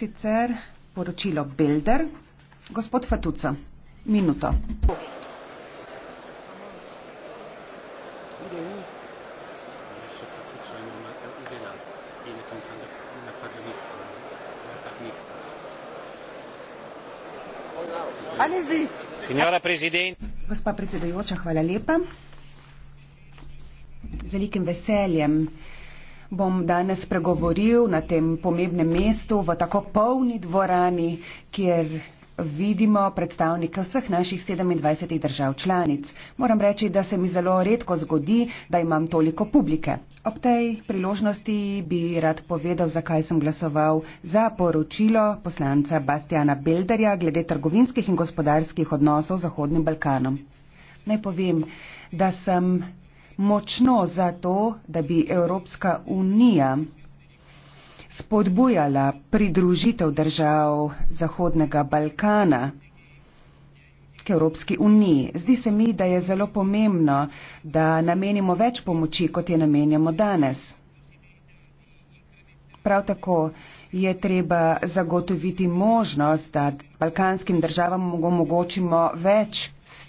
sicer poročilo Bilder. Gospod Fatuca, minuto. Gospa predsedujoča, hvala lepa. Z velikim veseljem bom danes spregovoril na tem pomembnem mestu, v tako polni dvorani, kjer vidimo predstavnike vseh naših 27 držav članic. Moram reči, da se mi zelo redko zgodi, da imam toliko publike. Ob tej priložnosti bi rad povedal, zakaj sem glasoval za poročilo poslanca Bastiana Belderja glede trgovinskih in gospodarskih odnosov z Zahodnim Balkanom. Naj povem, da sem močno za to, da bi Evropska unija spodbujala pridružitev držav Zahodnega Balkana k Evropski uniji. Zdi se mi, da je zelo pomembno, da namenimo več pomoči, kot je namenjamo danes. Prav tako je treba zagotoviti možnost, da balkanskim državam omogočimo več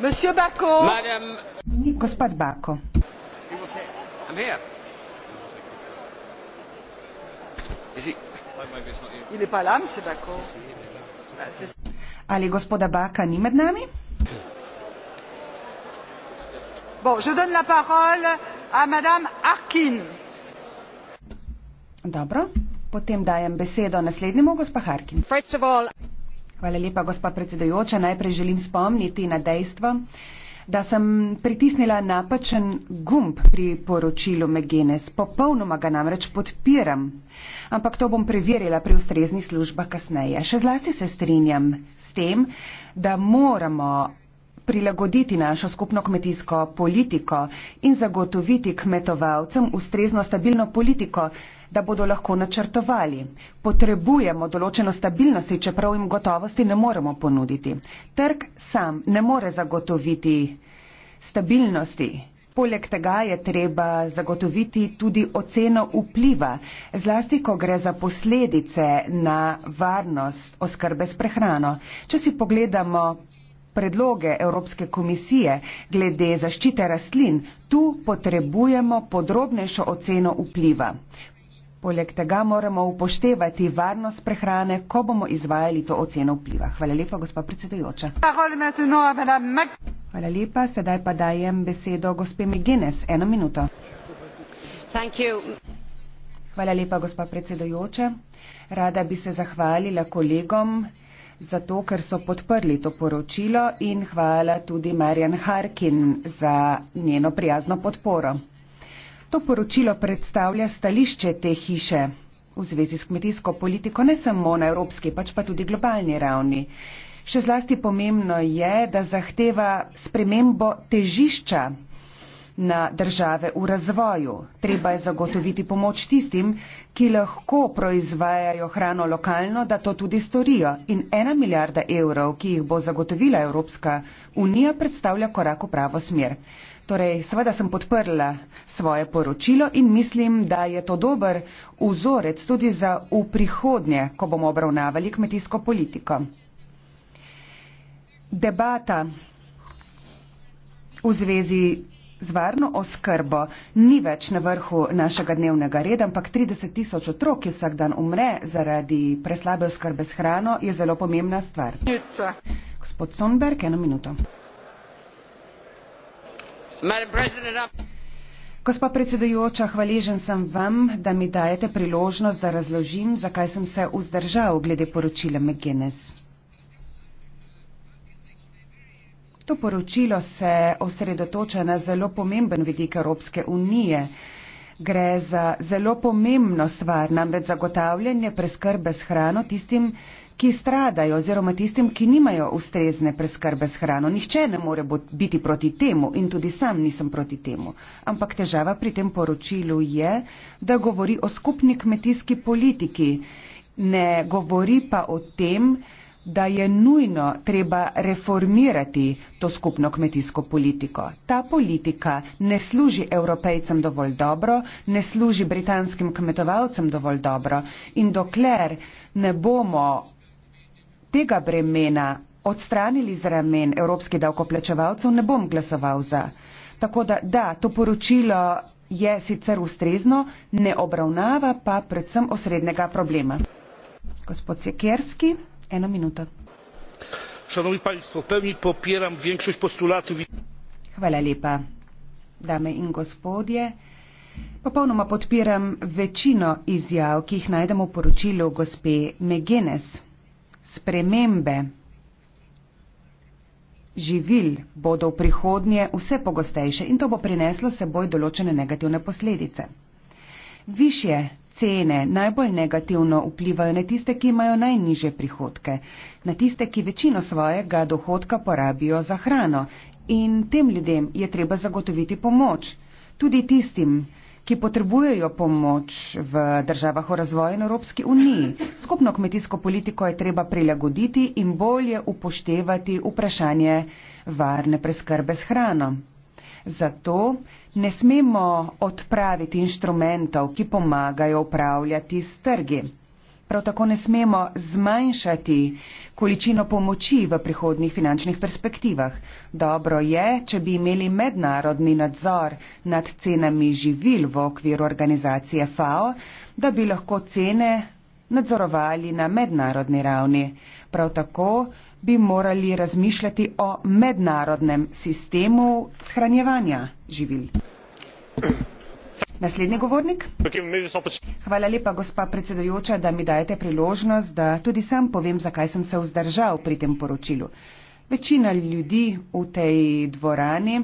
Monsieur Baco. Madame. Gospod Baco. Il est pas là, monsieur Baco. Ali gospoda Baka ni med nami? Bon, je donne la parole à madame Arkin. Dobro. Potem dajem besedo naslednjemu, gospa Harkin. First of all, Hvala lepa, gospa predsedujoča. Najprej želim spomniti na dejstvo, da sem pritisnila napačen gumb pri poročilu Megenes. Popolnoma ga namreč podpiram, ampak to bom preverila pri ustreznih službah kasneje. Še zlasti se strinjam s tem, da moramo prilagoditi našo skupno kmetijsko politiko in zagotoviti kmetovalcem ustrezno stabilno politiko, da bodo lahko načrtovali. Potrebujemo določeno stabilnosti, čeprav jim gotovosti ne moremo ponuditi. Trg sam ne more zagotoviti stabilnosti. Poleg tega je treba zagotoviti tudi oceno vpliva, zlasti ko gre za posledice na varnost oskrbe s prehrano. Če si pogledamo predloge Evropske komisije glede zaščite rastlin, tu potrebujemo podrobnejšo oceno vpliva. Poleg tega moramo upoštevati varnost prehrane, ko bomo izvajali to oceno vpliva. Hvala lepa, gospa predsedujoča. Hvala lepa, sedaj pa dajem besedo gospe Migenes. Eno minuto. Hvala lepa, gospa predsedujoča. Rada bi se zahvalila kolegom zato, ker so podprli to poročilo in hvala tudi Marjan Harkin za njeno prijazno podporo. To poročilo predstavlja stališče te hiše v zvezi s kmetijsko politiko ne samo na evropski, pač pa tudi globalni ravni. Še zlasti pomembno je, da zahteva spremembo težišča na države v razvoju. Treba je zagotoviti pomoč tistim, ki lahko proizvajajo hrano lokalno, da to tudi storijo. In ena milijarda evrov, ki jih bo zagotovila Evropska unija, predstavlja korak v pravo smer. Torej, seveda sem podprla svoje poročilo in mislim, da je to dober vzorec tudi za v prihodnje, ko bomo obravnavali kmetijsko politiko. Debata v zvezi z varno oskrbo ni več na vrhu našega dnevnega reda, ampak 30 tisoč otrok, ki vsak dan umre zaradi preslabe oskrbe s hrano, je zelo pomembna stvar. Nica. Gospod Sonberg, eno minuto. Gospa predsedujoča, hvaležen sem vam, da mi dajete priložnost, da razložim, zakaj sem se vzdržal glede poročila McGuinness. To poročilo se osredotoča na zelo pomemben vidik Evropske unije. Gre za zelo pomembno stvar, namreč zagotavljanje preskrbe s hrano tistim, ki stradajo oziroma tistim, ki nimajo ustrezne preskrbe s hrano. Nihče ne more biti proti temu in tudi sam nisem proti temu. Ampak težava pri tem poročilu je, da govori o skupni kmetijski politiki, ne govori pa o tem, da je nujno treba reformirati to skupno kmetijsko politiko. Ta politika ne služi evropejcem dovolj dobro, ne služi britanskim kmetovalcem dovolj dobro in dokler ne bomo tega bremena odstranili z ramen evropskih davkoplačevalcev, ne bom glasoval za. Tako da, da, to poročilo je sicer ustrezno, ne obravnava pa predvsem osrednjega problema. Gospod Sekerski szanowni państwo! w pełni popieram większość postulatów. hvala lepa dame in gospodje popolnoma podpiram večino izjav ki jih najdemo v poročilu gospe mcguinness spremembe živil bodo v prihodnje vse pogostejše in to bo prineslo seboj določene negativne posledice. Višje cene najbolj negativno vplivajo na tiste, ki imajo najniže prihodke, na tiste, ki večino svojega dohodka porabijo za hrano. In tem ljudem je treba zagotoviti pomoč. Tudi tistim, ki potrebujejo pomoč v državah v razvoju in Evropski uniji. Skupno kmetijsko politiko je treba prilagoditi in bolje upoštevati vprašanje varne preskrbe s hrano. Zato ne smemo odpraviti inštrumentov, ki pomagajo upravljati s trgi. Prav tako ne smemo zmanjšati količino pomoči v prihodnih finančnih perspektivah. Dobro je, če bi imeli mednarodni nadzor nad cenami živil v okviru organizacije FAO, da bi lahko cene nadzorovali na mednarodni ravni. Prav tako bi morali razmišljati o mednarodnem sistemu shranjevanja živil. Naslednji govornik. Hvala lepa, gospa predsedujoča, da mi dajete priložnost, da tudi sam povem, zakaj sem se vzdržal pri tem poročilu. Večina ljudi v tej dvorani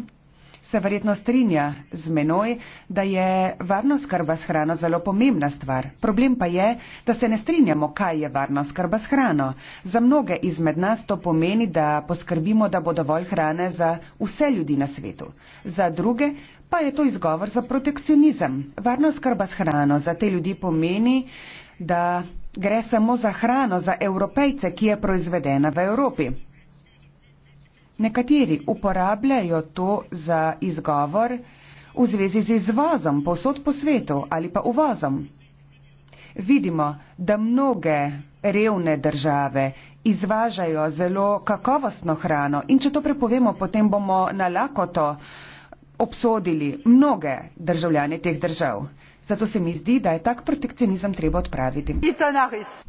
se verjetno strinja z menoj, da je varno skrba s hrano zelo pomembna stvar. Problem pa je, da se ne strinjamo, kaj je varno skrba s hrano. Za mnoge izmed nas to pomeni, da poskrbimo, da bo dovolj hrane za vse ljudi na svetu. Za druge pa je to izgovor za protekcionizem. Varno skrba s hrano za te ljudi pomeni, da gre samo za hrano za evropejce, ki je proizvedena v Evropi. Nekateri uporabljajo to za izgovor v zvezi z izvozom povsod po svetu ali pa uvozom. Vidimo, da mnoge revne države izvažajo zelo kakovostno hrano in če to prepovemo, potem bomo na lakoto obsodili mnoge državljane teh držav. Zato se mi zdi, da je tak protekcionizem treba odpraviti.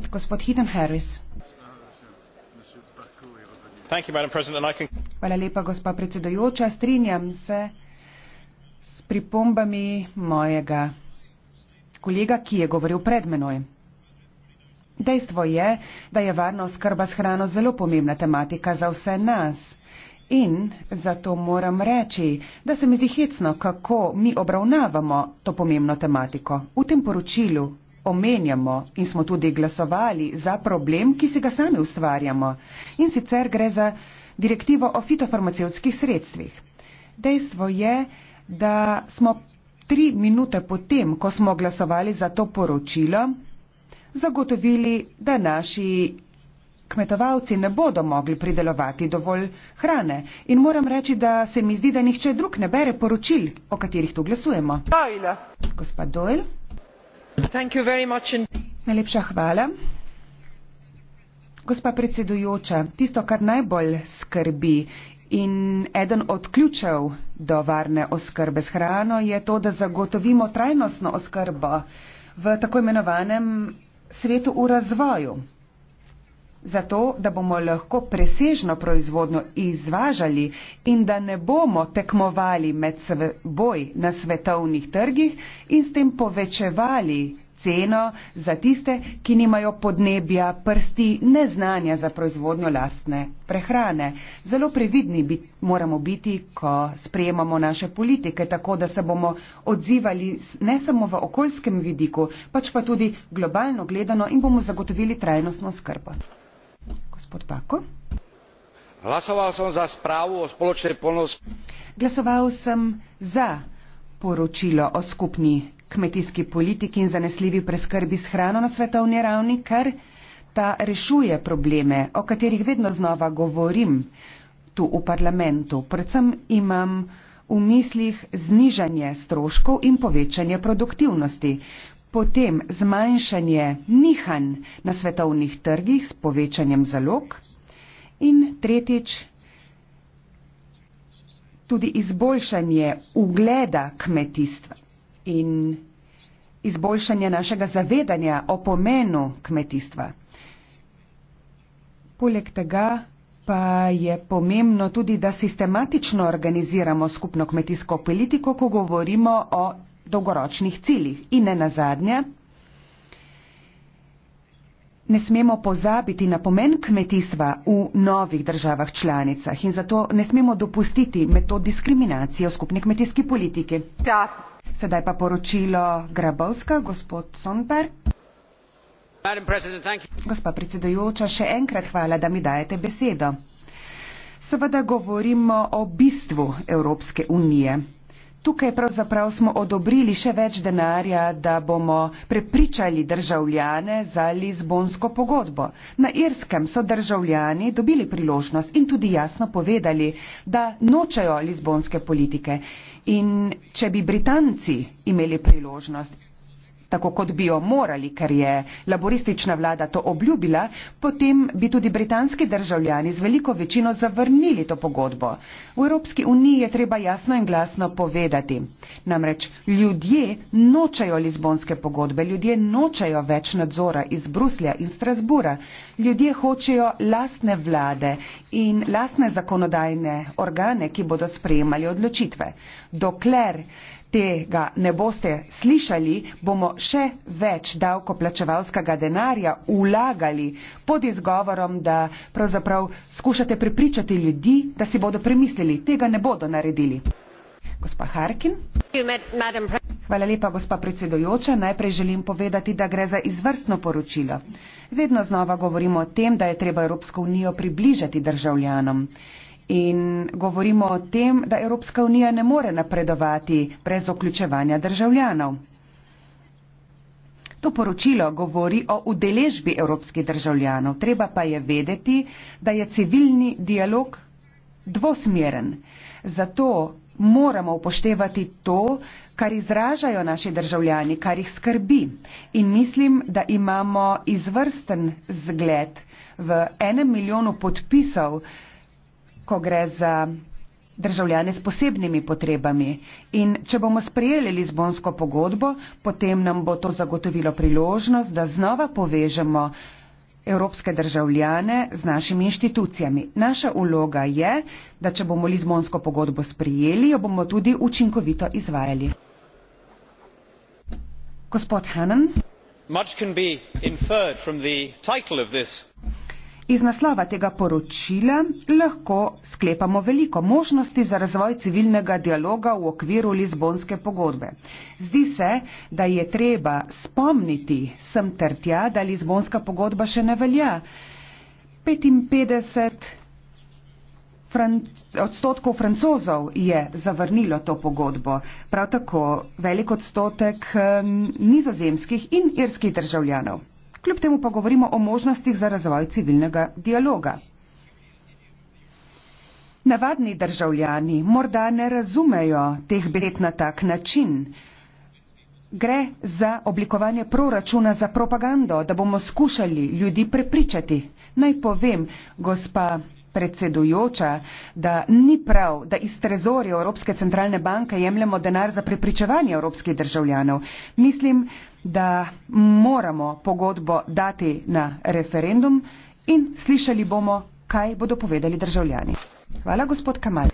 Gospod Hidden Harris. Hvala lepa, gospa predsedojoča. Strinjam se s pripombami mojega kolega, ki je govoril pred menoj. Dejstvo je, da je varnost skrba s hrano zelo pomembna tematika za vse nas. In zato moram reči, da se mi zdi hecno, kako mi obravnavamo to pomembno tematiko. V tem poročilu omenjamo in smo tudi glasovali za problem, ki si ga sami ustvarjamo. In sicer gre za direktivo o fitofarmacevskih sredstvih. Dejstvo je, da smo tri minute potem, ko smo glasovali za to poročilo, zagotovili, da naši kmetovalci ne bodo mogli pridelovati dovolj hrane. In moram reči, da se mi zdi, da nihče drug ne bere poročil, o katerih tu glasujemo. Gospod Doyle. Najlepša hvala. Gospa predsedujoča, tisto, kar najbolj skrbi in eden od ključev do varne oskrbe s hrano je to, da zagotovimo trajnostno oskrbo v tako imenovanem svetu v razvoju zato da bomo lahko presežno proizvodno izvažali in da ne bomo tekmovali med seboj na svetovnih trgih in s tem povečevali ceno za tiste, ki nimajo podnebja, prsti, neznanja za proizvodnjo lastne prehrane. Zelo previdni bi, moramo biti, ko sprejemamo naše politike, tako da se bomo odzivali ne samo v okoljskem vidiku, pač pa tudi globalno gledano in bomo zagotovili trajnostno skrbo gospod Bako. Glasoval sem za spravo o spoločni polnosti. Glasoval sem za poročilo o skupni kmetijski politiki in zanesljivi preskrbi s hrano na svetovni ravni, ker ta rešuje probleme, o katerih vedno znova govorim tu v parlamentu. Predvsem imam v mislih znižanje stroškov in povečanje produktivnosti potem zmanjšanje nihanj na svetovnih trgih s povečanjem zalog in tretjič tudi izboljšanje ugleda kmetijstva in izboljšanje našega zavedanja o pomenu kmetijstva. Poleg tega pa je pomembno tudi, da sistematično organiziramo skupno kmetijsko politiko, ko govorimo o dolgoročnih ciljih. In ne na zadnje, ne smemo pozabiti na pomen kmetijstva v novih državah članicah in zato ne smemo dopustiti metod diskriminacije v skupni kmetijski politiki. Da. Sedaj pa poročilo Grabovska, gospod Sonper. Gospa predsedujoča, še enkrat hvala, da mi dajete besedo. Seveda govorimo o bistvu Evropske unije. Tukaj pravzaprav smo odobrili še več denarja, da bomo prepričali državljane za Lizbonsko pogodbo. Na Irskem so državljani dobili priložnost in tudi jasno povedali, da nočejo Lizbonske politike. In če bi Britanci imeli priložnost tako kot bi jo morali, ker je laboristična vlada to obljubila, potem bi tudi britanski državljani z veliko večino zavrnili to pogodbo. V Evropski uniji je treba jasno in glasno povedati. Namreč ljudje nočajo Lizbonske pogodbe, ljudje nočajo več nadzora iz Bruslja in Strasbura, ljudje hočejo lastne vlade in lastne zakonodajne organe, ki bodo sprejemali odločitve. Dokler tega ne boste slišali, bomo še več davkoplačevalskega denarja vlagali pod izgovorom, da pravzaprav skušate prepričati ljudi, da si bodo premislili. Tega ne bodo naredili. Gospa Harkin. Hvala lepa, gospa predsedojoča. Najprej želim povedati, da gre za izvrstno poročilo. Vedno znova govorimo o tem, da je treba Evropsko unijo približati državljanom. In govorimo o tem, da Evropska unija ne more napredovati brez vključevanja državljanov. To poročilo govori o udeležbi evropskih državljanov, treba pa je vedeti, da je civilni dialog dvosmeren. Zato moramo upoštevati to, kar izražajo naši državljani, kar jih skrbi. In mislim, da imamo izvrsten zgled v enem milijonu podpisov, ko gre za državljane s posebnimi potrebami. In če bomo sprejeli Lizbonsko pogodbo, potem nam bo to zagotovilo priložnost, da znova povežemo evropske državljane z našimi inštitucijami. Naša uloga je, da če bomo Lizbonsko pogodbo sprijeli, jo bomo tudi učinkovito izvajali. Gospod Hanen. Iz naslova tega poročila lahko sklepamo veliko možnosti za razvoj civilnega dialoga v okviru Lizbonske pogodbe. Zdi se, da je treba spomniti sem trtja, da Lizbonska pogodba še ne velja. 55 odstotkov francozov je zavrnilo to pogodbo. Prav tako velik odstotek nizozemskih in irskih državljanov kljub temu pa govorimo o možnostih za razvoj civilnega dialoga. Navadni državljani morda ne razumejo teh bled na tak način. Gre za oblikovanje proračuna za propagando, da bomo skušali ljudi prepričati. Naj povem, gospa predsedujoča, da ni prav, da iz trezorja Evropske centralne banke jemljemo denar za prepričevanje evropskih državljanov. Mislim, da moramo pogodbo dati na referendum in slišali bomo, kaj bodo povedali državljani. Hvala, gospod Kamal.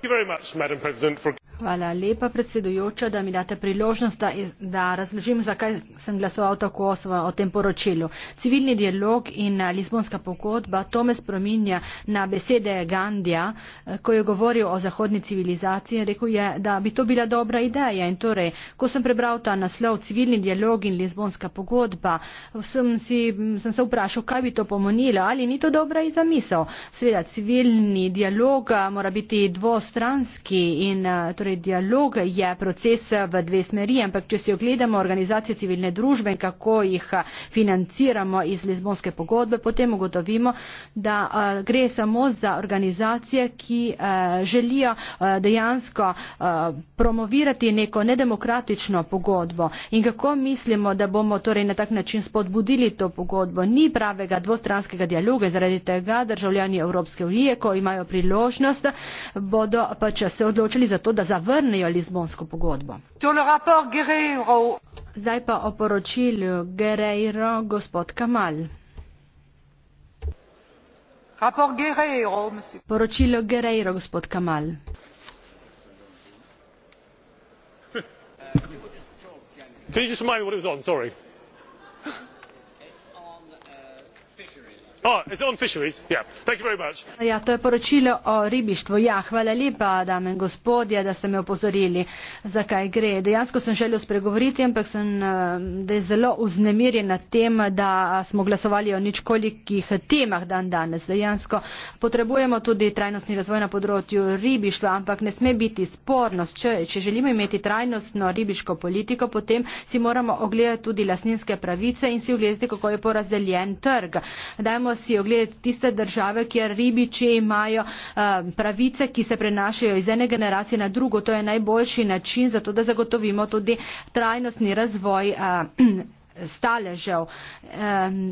Hvala lepa, predsedujoča, da mi date priložnost, da, da razložim, zakaj sem glasoval tako osvo o tem poročilu. Civilni dialog in eh, Lizbonska pogodba, to me spominja na besede Gandija, eh, ko je govoril o zahodni civilizaciji in rekel je, da bi to bila dobra ideja. In torej, ko sem prebral ta naslov Civilni dialog in Lizbonska pogodba, sem, si, mm, sem se vprašal, kaj bi to pomenilo, ali ni to dobra zamisel. Sveda, civilni dialog eh, mora biti dvostranski in torej, torej dialog je proces eh, v dve smeri, ampak če si ogledamo organizacije civilne družbe in kako jih eh, financiramo iz Lizbonske pogodbe, potem ugotovimo, da eh, gre samo za organizacije, ki želijo dejansko promovirati neko nedemokratično pogodbo. In kako mislimo, da bomo torej na tak način spodbudili to pogodbo? Ni pravega dvostranskega dialoga in zaradi tega državljani Evropske unije, ko imajo priložnost, bodo pač se odločili za to, da zavrnejo zavrnejo Lizbonsko pogodbo. Zdaj pa o poročilju Guerreiro, gospod Kamal. Guerreiro, Poročilo Guerreiro, gospod Kamal. Can you just remind me what it was on? Sorry. Oh, ja to je poročilo o ribištvu ja hvala lepa dame in gospodje da ste me opozorili zakaj gre dejansko sem želel spregovoriti ampak sem eh, da je zelo vznemirjen nad tem da smo glasovali o ničkolikih temah dan danes dejansko potrebujemo tudi trajnostni razvoj na področju ribištva ampak ne sme biti spornost če, če želimo imeti trajnostno ribiško politiko potem si moramo ogledati tudi lastninske pravice in si ogledati kako je porazdeljen trg dajmo moramo si ogledati tiste države, kjer ribiči imajo eh, pravice, ki se prenašajo iz ene generacije na drugo. To je najboljši način za to, da zagotovimo tudi trajnostni razvoj eh, staležev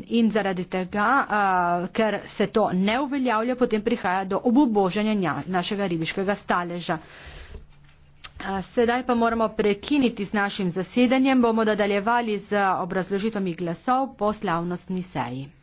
in zaradi tega, eh, ker se to ne uveljavlja, potem prihaja do obuboženja našega ribiškega staleža. Sedaj pa moramo prekiniti s našim zasedanjem, bomo nadaljevali z obrazložitvami glasov po slavnostni seji.